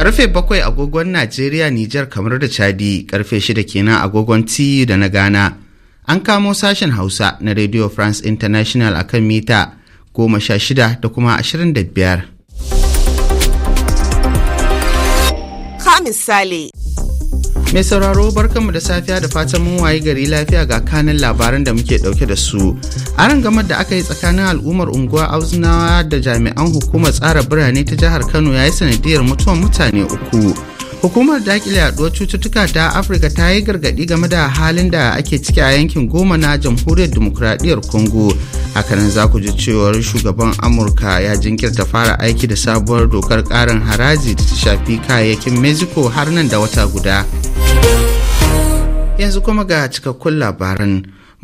Karfe bakwai agogon Najeriya, Nijar kamar da Chadi, karfe shida kenan agogon TU da na Ghana. An kamo sashen Hausa na Radio France International a kan mita goma sha shida da kuma ashirin da biyar. Ka Mai sauraro barkanmu da safiya da fatan mun waye gari lafiya ga kanin labaran da muke dauke da su. A gamar da aka yi tsakanin al'ummar unguwa Auzunawa da jami'an hukumar tsara birane ta jihar Kano ya yi sanadiyar mutuwar mutane uku. Hukumar dakile yaduwar cututtuka ta Afirka ta yi gargadi game da halin da ake ciki a yankin goma na jamhuriyar demokuraɗiyyar Congo. Hakanan za ku ji cewar shugaban Amurka ya jinkirta fara aiki da sabuwar dokar ƙarin haraji da ta shafi kayayyakin Mexico har nan da wata guda. yanzu kuma ga cikakkun labaran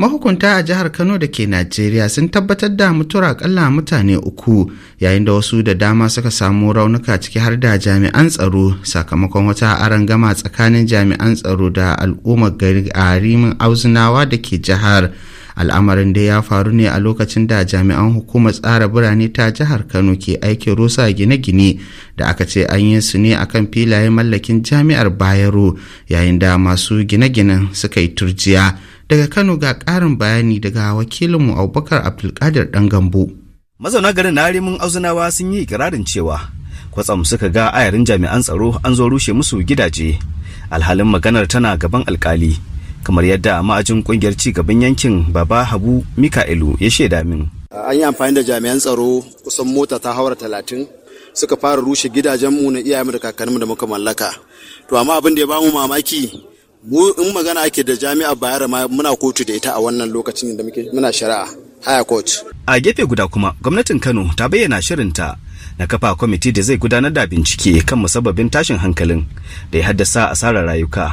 mahukunta a jihar kano da ke najeriya sun tabbatar da mutura akalla mutane uku yayin da wasu da dama suka samu raunuka ciki har da jami'an tsaro sakamakon wata gama tsakanin jami'an tsaro da al'ummar gari a rimin auzunawa da ke jihar al'amarin da ya faru ne a lokacin da jami'an hukumar tsara birane ta jihar kano ke aikin rusa gine-gine da aka ce an yi su ne akan filayen mallakin jami'ar bayero yayin da masu gine-ginen suka yi turjiya daga kano ga ƙarin bayani daga wakilinmu abubakar abdulkadir dan gambo mazauna garin na rimin auzunawa sun yi ikirarin cewa kwatsam suka ga ayarin jami'an tsaro an zo rushe musu gidaje alhalin maganar tana gaban alkali kamar yadda ma'ajin kungiyar ci gaban yankin baba habu mika'ilu ya shaida min an yi amfani da jami'an tsaro kusan mota ta haura talatin suka fara rushe gidajen mu na iyayenmu da kakanninmu da muka mallaka to amma abin da ya bamu mamaki mu in magana ake da jami'a bayar ma muna kotu da ita a wannan lokacin da muke muna shari'a haya court a gefe guda kuma gwamnatin kano ta bayyana shirinta na kafa kwamiti da zai gudanar da bincike kan musabbabin tashin hankalin da ya haddasa asarar rayuka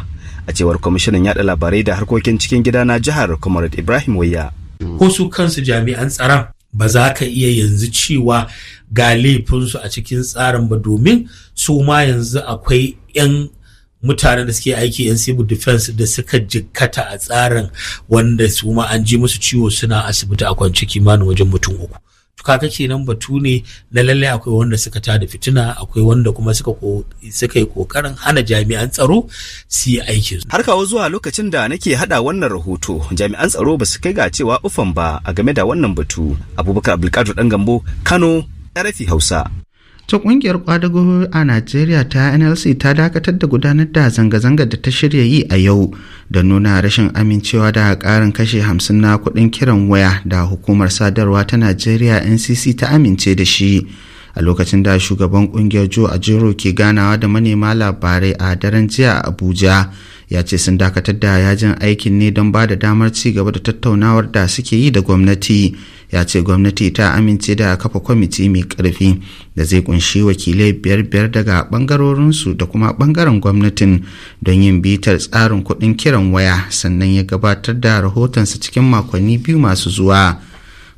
a cewar kwamishinan yada labarai da harkokin cikin gida na jihar comrade ibrahim wayya ko su kansu jami'an tsaron ba za ka iya yanzu cewa ga laifinsu a cikin tsarin ba domin su ma yanzu akwai 'yan mutanen da suke aiki 'yan civil defense da suka jikkata a tsarin wanda su ma an ji musu ciwo suna asibiti a kwanci kimanin wajen mutum uku kaga nan batu ne na lallai akwai wanda suka ta da fitina akwai wanda kuma suka suka yi kokarin hana jami'an tsaro su yi aikin har kawo zuwa lokacin da nake hada wannan rahoto jami'an tsaro ba su kai ga cewa ufan ba a game da wannan batu abubakar abdulkadir dan gambo kano rfi hausa ta kungiyar kwadago a najeriya ta nlc ta dakatar da gudanar da zanga zanga da ta shirya yi a yau da nuna rashin amincewa da karin kashe hamsin na kudin kiran waya da hukumar sadarwa ta najeriya ncc ta amince da shi a lokacin da shugaban kungiyar joe ajero ke ganawa da manema labarai a daren jiya a abuja ya ce sun dakatar da yajin aikin ne don ba da damar ci gaba da tattaunawar da suke yi da gwamnati ya ce gwamnati ta amince da kafa kwamiti mai karfi da zai kunshi wakilai biyar biyar daga bangarorinsu da kuma bangaren gwamnatin don yin bitar tsarin kuɗin kiran waya sannan ya gabatar da rahotonsa cikin makonni biyu masu zuwa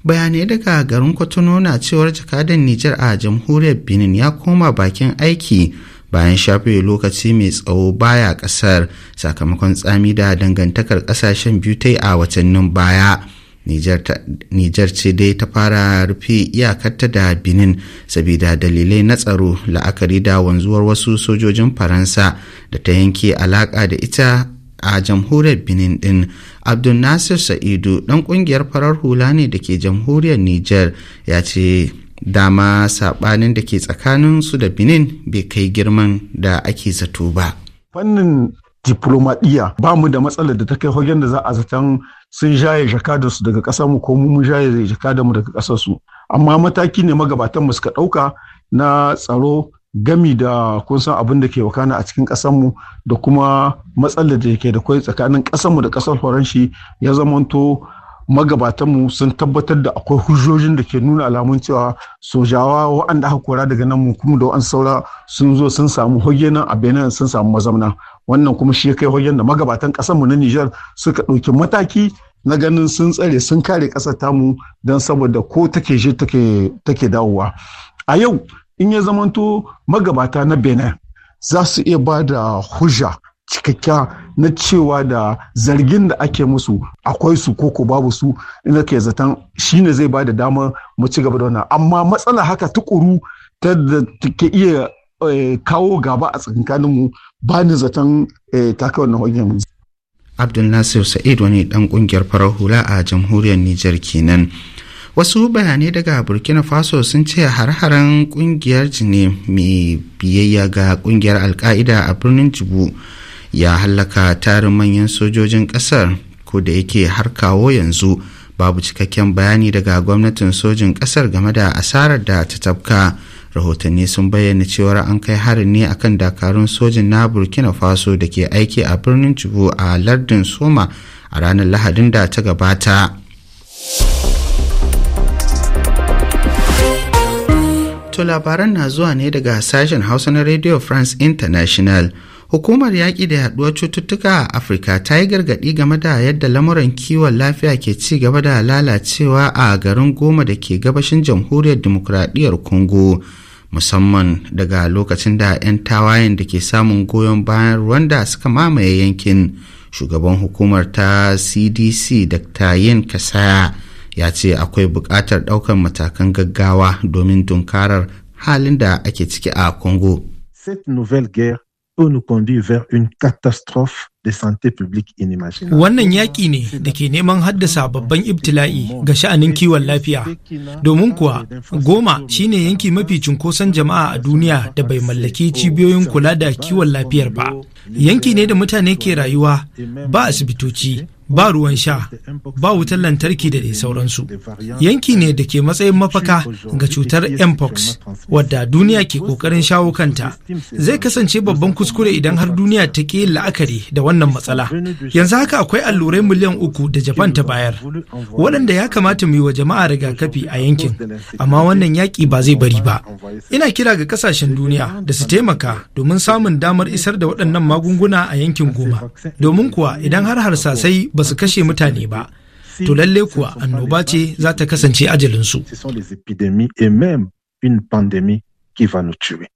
bayanai daga garin kwatano na cewar jakadan nijar a jamhuriyar benin ya koma bakin aiki bayan shafe lokaci mai tsawo baya kasar sakamakon tsami da dangantakar kasashen biyu ta yi a watannin baya Nijar ce dai ta fara rufe iyakarta da Benin sabida dalilai na tsaro la'akari da wanzuwar wasu sojojin Faransa da ta yanke alaƙa da ita a jamhuriyar benin din abdul nasir sa'idu ɗan ƙungiyar farar hula ne da ke jamhuriyar nijar ya ce dama saɓanin da ke tsakanin su da benin bai kai girman da ake zato ba fannin diplomadiyya ba mu da matsalar da ta kai hogen da za a zaton sun jaye jakadarsu daga ƙasarmu ko mu jaye jakadarmu daga ƙasarsu amma mataki ne magabatan mu suka ɗauka na tsaro gami da kun san abin da ke wakana a cikin ƙasarmu da kuma matsalar da ke da kwai tsakanin ƙasarmu da ƙasar faranshi ya zamanto magabatanmu sun tabbatar da akwai hujjojin da ke nuna alamun cewa sojawa waɗanda aka kora daga nan kuma da waɗansu saura sun zo sun samu hoge nan a benin sun samu mazamna wannan kuma shi kai hogen da magabatan ƙasarmu na nijar suka ɗauki mataki na ganin sun tsare sun kare ƙasar tamu don saboda ko take je take dawowa a yau in ya zamanto magabata na benin za su iya ba da hujja cikakken na cewa da zargin da ake musu akwai su ko babu su ina ke zaton shi ne zai ba da damar mu ci gaba da wannan amma matsala haka tukuru ta da ke iya eh, kawo gaba a mu ba ni zaton eh, taka wannan hanyar abdul nasir sa'id wani dan kungiyar farar hula a jamhuriyar niger kenan wasu bayanai daga burkina faso sun ce har-haren kungiyar jini mai biyayya ga kungiyar alka'ida a birnin jibu ya hallaka tarin manyan sojojin ƙasar ko da yake har kawo yanzu babu cikakken bayani daga gwamnatin sojin ƙasar game da asarar da ta tafka rahotanni sun bayyana cewar an kai harin ne akan dakarun sojin na burkina faso da ke aiki a birnin cibo a lardin soma a ranar lahadin da ta gabata to labaran na zuwa ne daga sashen hausa na radio france international Hukumar yaƙi da yaɗuwar cututtuka a Afirka ta yi gargaɗi game da yadda lamuran kiwon lafiya ke ci gaba da lalacewa a garin goma da ke gabashin jamhuriyar dimokuraɗiyyar Congo, musamman daga lokacin da 'yan tawayen da ke samun goyon bayan Rwanda suka mamaye yankin. Shugaban hukumar ta CDC Dr. Yin Kasaya ya ce akwai buƙatar ɗaukar matakan gaggawa domin tunkarar halin da ake ciki a Congo. Cette nouvelle guerre peut nous conduire vers une catastrophe de santé publique inimaginable. Wannan yaƙi ne da ke neman haddasa babban ibtila'i ga sha'anin kiwon lafiya. Domin kuwa goma shine yanki mafi cunkoson jama'a a duniya da bai mallaki cibiyoyin kula da kiwon lafiyar ba. Yanki ne da mutane ke rayuwa ba asibitoci, ba ruwan sha ba wutar lantarki da dai sauransu yanki ne da ke matsayin mafaka ga cutar mpox wadda duniya ke kokarin shawo kanta zai kasance babban kuskure idan har duniya ta ke la'akari da wannan matsala yanzu haka akwai allurai miliyan uku da japan ta bayar waɗanda ya kamata mu yi wa jama'a rigakafi a yankin amma wannan yaƙi ba zai bari ba ina kira ga kasashen duniya da su taimaka domin samun damar isar da waɗannan magunguna a yankin goma domin kuwa idan har harsasai ba su kashe mutane ba to lalle kuwa annoba ce za ta kasance ajalinsu. Ce sont les épidémies et même une pandémie qui va nous tuer.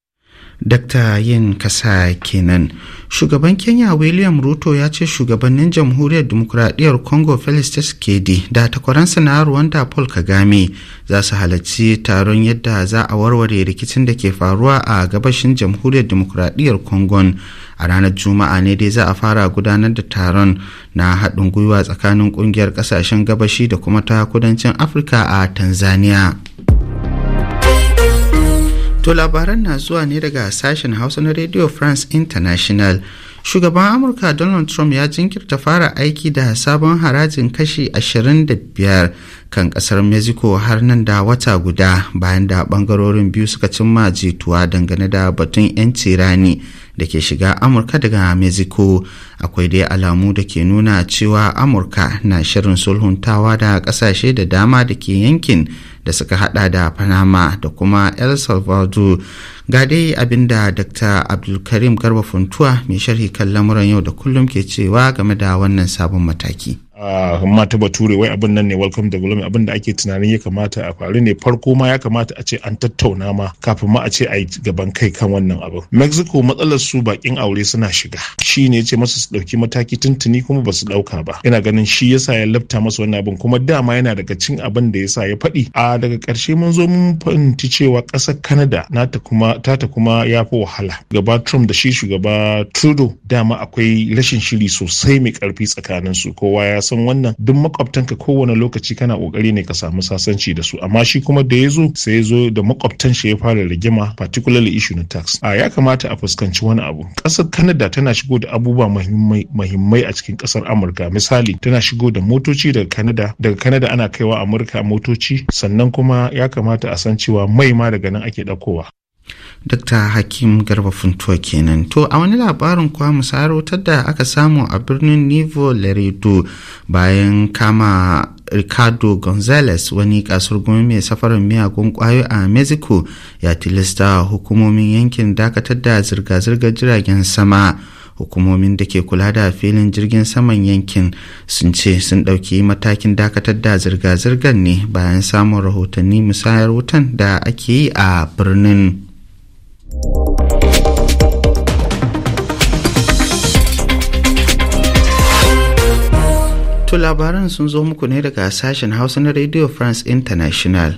Dr. Yin Kasa kenan. Shugaban Kenya William Ruto ya ce shugabannin Jamhuriyar Dimokuraɗiyyar Congo Felix Tshisekedi da takwaransa na Rwanda Paul Kagame za su halarci taron yadda za a warware rikicin da ke faruwa a gabashin Jamhuriyar Dimokuraɗiyyar Congo a ranar Juma'a ne dai za a fara gudanar da taron na haɗin gwiwa tsakanin ƙungiyar ƙasashen gabashi da kuma ta kudancin Afirka a Tanzania. To labaran na zuwa ne daga sashen Hausa na Radio France International. Shugaban Amurka Donald Trump ya jinkirta fara aiki da sabon harajin kashi 25 kan kasar Mexico har nan da wata guda bayan da bangarorin biyu suka cimma jituwa dangane da batun 'yanci rani da ke shiga amurka daga mexico akwai dai alamu da ke nuna cewa amurka na shirin sulhuntawa da kasashe da dama da ke yankin da suka hada da panama da kuma el salvador ga dai abinda dr abdulkarim garba funtuwa mai sharhi kan lamuran yau da kullum ke cewa game da wannan sabon mataki Ah, mata bature wai abin nan ne welcome development abin da ake tunanin ya kamata a faru ne farko ma ya kamata a ce an tattauna ma kafin ma a ce a yi gaban kai kan wannan abin mexico matsalar su bakin aure suna shiga shi ne ce masu su dauki mataki tuntuni kuma ba su dauka ba ina ganin shi yasa ya lafta masa wannan abin kuma dama yana daga cin abin da ya sa ya faɗi a daga karshe mun zo mun fahimci cewa ƙasar canada ta kuma kuma ya fi wahala gaba trump da shi shugaba trudeau dama akwai rashin shiri sosai mai ƙarfi tsakaninsu kowa ya san wannan duk makwabtanka kowane lokaci kana kokari ne ka samu sasanci da su amma shi kuma da ya zo sai ya zo da makwabtan shi ya fara rigima particularly issue na tax a ya kamata a fuskanci wani abu kasar Canada tana shigo da abubuwa muhimmai a cikin kasar Amurka misali tana shigo da motoci daga Canada daga Canada ana kaiwa Amurka motoci sannan kuma ya kamata a san cewa mai ma daga nan ake dakowa Dr. Hakim Garba Funtuwa kenan. To a wani labarin kuwa musarautar da aka samu a birnin Nivo Laredo bayan kama Ricardo Gonzalez wani kasurgumi mai safarin miyagun kwayo a Mexico ya tilasta hukumomin yankin dakatar da zirga-zirgar jiragen sama. hukumomin da ke kula da filin jirgin saman yankin sun ce sun ɗauki matakin dakatar da zirga-zirgar ne bayan samun rahotanni musayar wutan da ake yi a birnin. To labaran sun zo muku ne daga sashen Hausa na Radio France International.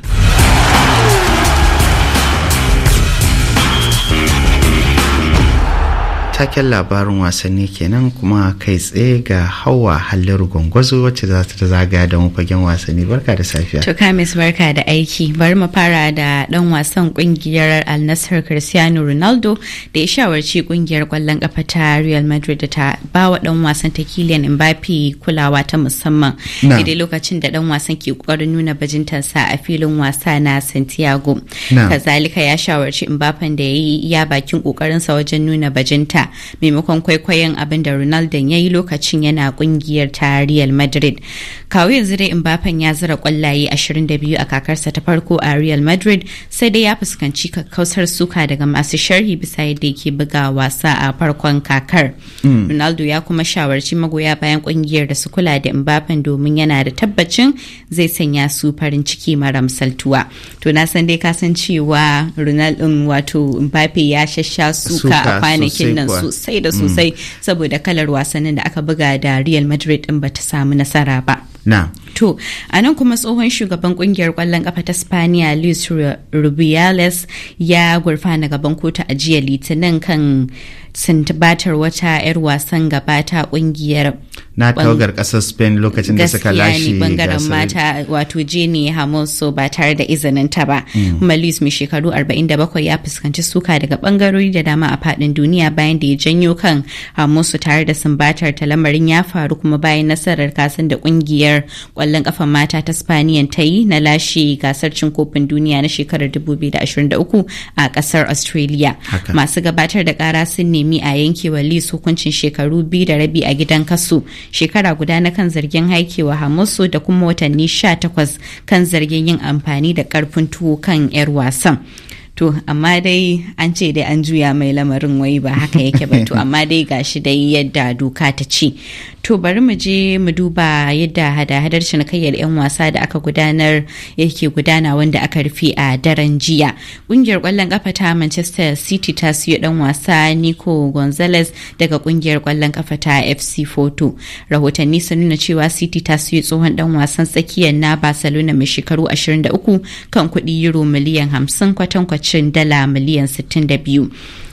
taken labarin wasanni kenan kuma kai tsaye ga hawa halliru gwangwazo wacce za ta zaga da mafagen wasanni barka da safiya to kamis barka da aiki bari mu fara da dan wasan kungiyar alnasar cristiano ronaldo da ya shawarci kungiyar kwallon kafa ta real madrid da ta ba wa dan wasan ta kylian mbappe kulawa ta musamman daidai lokacin da dan wasan ke kokarin nuna bajintansa a filin wasa na santiago kazalika ya shawarci mbappe da ya yi ya bakin kokarinsa wajen nuna bajinta maimakon kwaikwayon abin da Ronaldo ya yi lokacin yana kungiyar ta Real Madrid. Kawo yanzu dai Mbappen ya zira kwallaye 22 a kakarsa ta farko a Real Madrid sai dai ya fuskanci kakkausar suka daga masu sharhi bisa yadda yake buga wasa a farkon kakar. Hmm. Ronaldo ya kuma shawarci magoya bayan kungiyar da su kula da Mbappen domin yana da tabbacin zai sanya su farin ciki mara misaltuwa. To na san dai kasan cewa Ronaldo wato Mbappe ya shasha suka a kwanakin nan sosai da sosai mm. saboda kalar wasannin da aka buga da Real Madrid din bata samu nasara ba. Na. To, a nan kuma tsohon shugaban kungiyar kwallon kafa ta Spaniya Luis Rubiales ya gurfana gaban kotu a jiya Litinin kan sintibatar wata 'yar wasan gaba ta kungiyar na tawagar kasar spain lokacin da suka lashe bangaren mata wato jini hamoso ba tare da izinin ta ba mm. kuma luis mai shekaru 47 ya fuskanci suka daga bangarori da dama a fadin duniya bayan da ya janyo kan hamoso tare da sumbatar ta lamarin ya faru kuma bayan nasarar kasan da kungiyar kwallon kafa mata ta spaniyan ta yi na lashe gasar cin kofin duniya na shekarar 2023 a kasar australia masu gabatar da kara sun ne nemi a yankewa lis hukuncin shekaru biyu da rabi a gidan kasu shekara guda na kan zargin haikewa Hamusu da kuma watanni sha takwas kan zargin yin amfani da karfin tuwo kan 'yar wasan to amma dai an ce dai an juya mai lamarin wai ba haka yake ba to amma dai gashi dai yadda doka ta ce to bari mu je mu duba yadda hada-hadar cinikayyar 'yan wasa da aka gudanar yake gudana wanda aka rufe a daren jiya ƙungiyar kwallon kafa ta manchester city ta siyo ɗan wasa nico gonzalez daga ƙungiyar kwallon kafa ta fc foto rahotanni sun nuna cewa city ta siyo tsohon ɗan wasan tsakiyar na barcelona mai shekaru 23 kan kuɗi euro miliyan 50 kwatankwacin farashin dala miliyan 62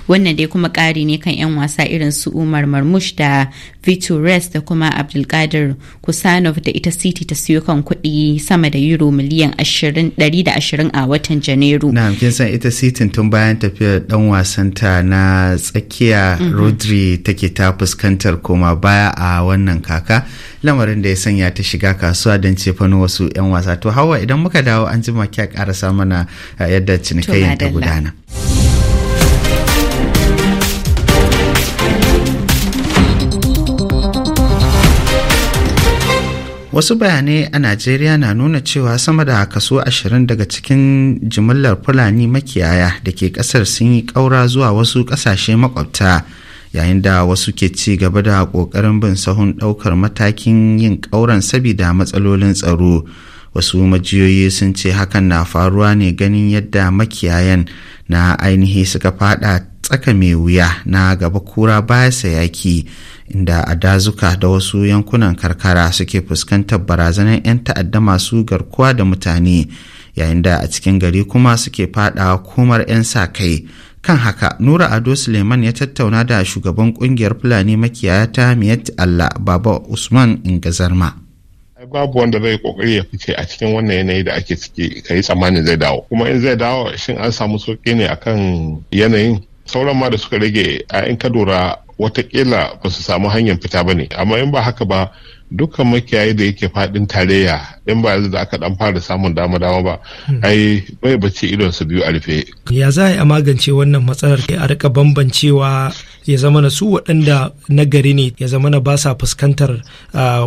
wannan dai kuma ƙari ne kan 'yan wasa irin su umar marmush da vitor da kuma abdulkadir kusanov da ita city ta siyo kan kuɗi sama da euro miliyan 120 a watan janairu na kin san ita city tun bayan tafiyar dan ta na tsakiya mhm. rodri take ta fuskantar koma baya a wannan kaka lamarin da ya sanya ta shiga kasuwa don cefano wasu 'yan wasa to hawa idan muka dawo an jima kya karasa mana eh, yadda cinikayyar ta gudana. wasu bayanai a najeriya na nuna cewa sama da kaso 20 daga cikin jimillar fulani makiyaya da ke kasar sun yi ƙaura zuwa wasu ƙasashe makwabta yayin da wasu ke ci gaba da ƙoƙarin bin sahun ɗaukar matakin yin ƙauran sabida matsalolin tsaro wasu majiyoyi sun ce hakan na faruwa ne ganin yadda makiyayan na ainihi suka fada tsaka mai wuya na gaba kura baya sa yaki inda a dazuka da wasu yankunan karkara suke fuskantar barazanar 'yan ta'adda masu garkuwa da mutane yayin da a cikin gari kuma suke fada komar 'yan sa kai kan haka nura ado suleiman ya tattauna da shugaban kungiyar fulani makiyaya ta miyatti allah baba usman ingazarma babu wanda zai kokari ya fice a cikin wannan yanayi da ake ciki ka yi tsammanin zai dawo kuma in zai dawo shin an samu sauki ne akan yanayin sauran ma da suka rage a in ka dora watakila ba su samu hanyar fita ba ne amma in ba haka ba dukkan makiyayi da yake faɗin tarayya in ba yanzu da aka dan fara samun dama dama ba hmm. ai bai bacci idon su biyu a rufe ya za a magance wannan matsalar a rika bambancewa ya zama na su waɗanda na gari ne ya zama na ba sa fuskantar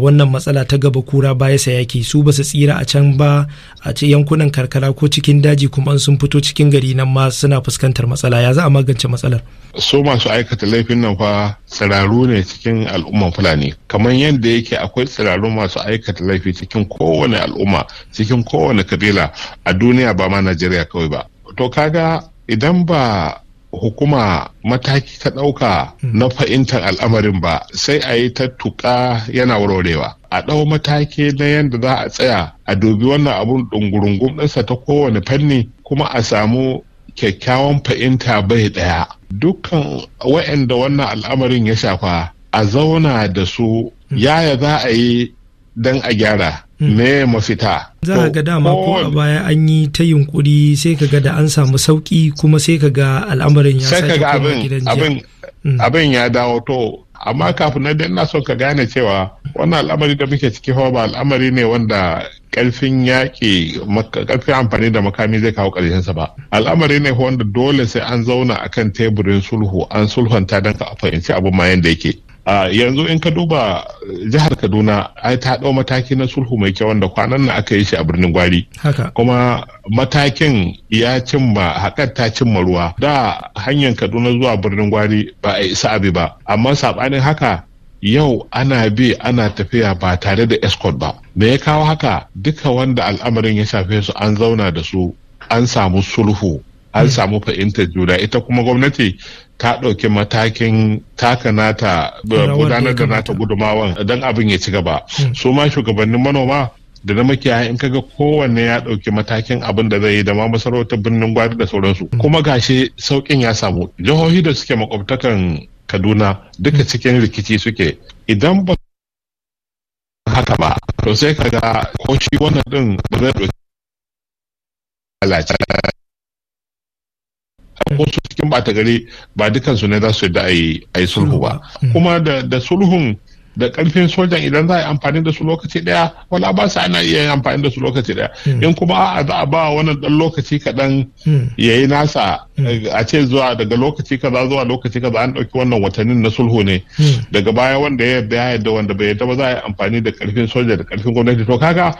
wannan matsala ta gaba kura baya sa yaki su ba su tsira a can ba a ce yankunan karkara ko cikin daji kuma sun fito cikin gari nan ma suna fuskantar matsala ya za a magance matsalar so masu aikata laifin nan fa tsiraru ne cikin al'umman fulani kamar yadda yake akwai tsiraru masu aikata laifi cikin kowane kowane al'umma cikin kowane kabila a duniya ba ma najeriya kawai ba to kaga idan ba hukuma mataki ta ɗauka hmm. na fahimtar al'amarin ba sai a yi ta tuka yana warwarewa a ɗau mataki na yadda za a tsaya a dubi wannan abun ɗungurungun ɗinsa ta kowane fanni kuma a samu kyakkyawan fahimta bai ɗaya dukkan wa'anda wannan al'amarin ya shafa a zauna da su hmm. yaya za a yi don a gyara Mm. me mafita za ka ga dama ko a baya an yi ta yunkuri sai ka ga da an samu sauki kuma sai ka ga al'amarin ya sake kuma gidan abin mm. abin ya dawo to amma mm. kafin na ina son ka gane cewa wannan al'amari da muke ciki hawa ba al'amari ne wanda karfin yaƙi karfin amfani da makami zai kawo ƙarshensa ba al'amari ne wanda dole sai an zauna akan teburin sulhu an sulhunta don ka fahimci abu ma yanda yake a yanzu in ka duba eh, jihar kaduna ai ta ɗau mataki na sulhu mai kyau wanda kwanan nan aka yi shi a birnin gwari kuma matakin ya cimma haƙar ta cimma ruwa da hanyar kaduna zuwa birnin gwari ba a isa abi ba amma saɓanin haka yau ana bi ana tafiya ba tare da escort ba me ya kawo haka duka wanda al'amarin ya shafe su an zauna da su an samu sulhu an hmm. samu fahimtar juna ita kuma gwamnati ta ɗauki matakin taka nata gudanar da nata gudumawan don abin ya ci gaba hmm. su ma shugabannin manoma da na makiya in kaga kowanne ya ɗauki matakin abin da zai yi da ma masarautar birnin gwari da sauransu hmm. kuma gashi sauƙin ya samu jihohi da suke makwabtakan kaduna duka hmm. cikin rikici suke idan ba haka ba to sai kaga ko shi wannan din ba zai ɗauki cikin bata gari ba dukansu ne za su da a yi sulhu ba hmm. kuma da sulhun da karfin sojan idan za a yi amfani da su lokaci daya wala ba sa ana iya amfani da su lokaci daya hmm. in kuma a za a ba wani dan lokaci kaɗan hmm. ya yi nasa a ce zuwa daga lokaci kaza zuwa lokaci kaza an ɗauki wannan watannin na sulhu ne daga baya wanda ya yarda ya wanda bai yarda ba za a yi amfani da karfin soja da karfin gwamnati to kaga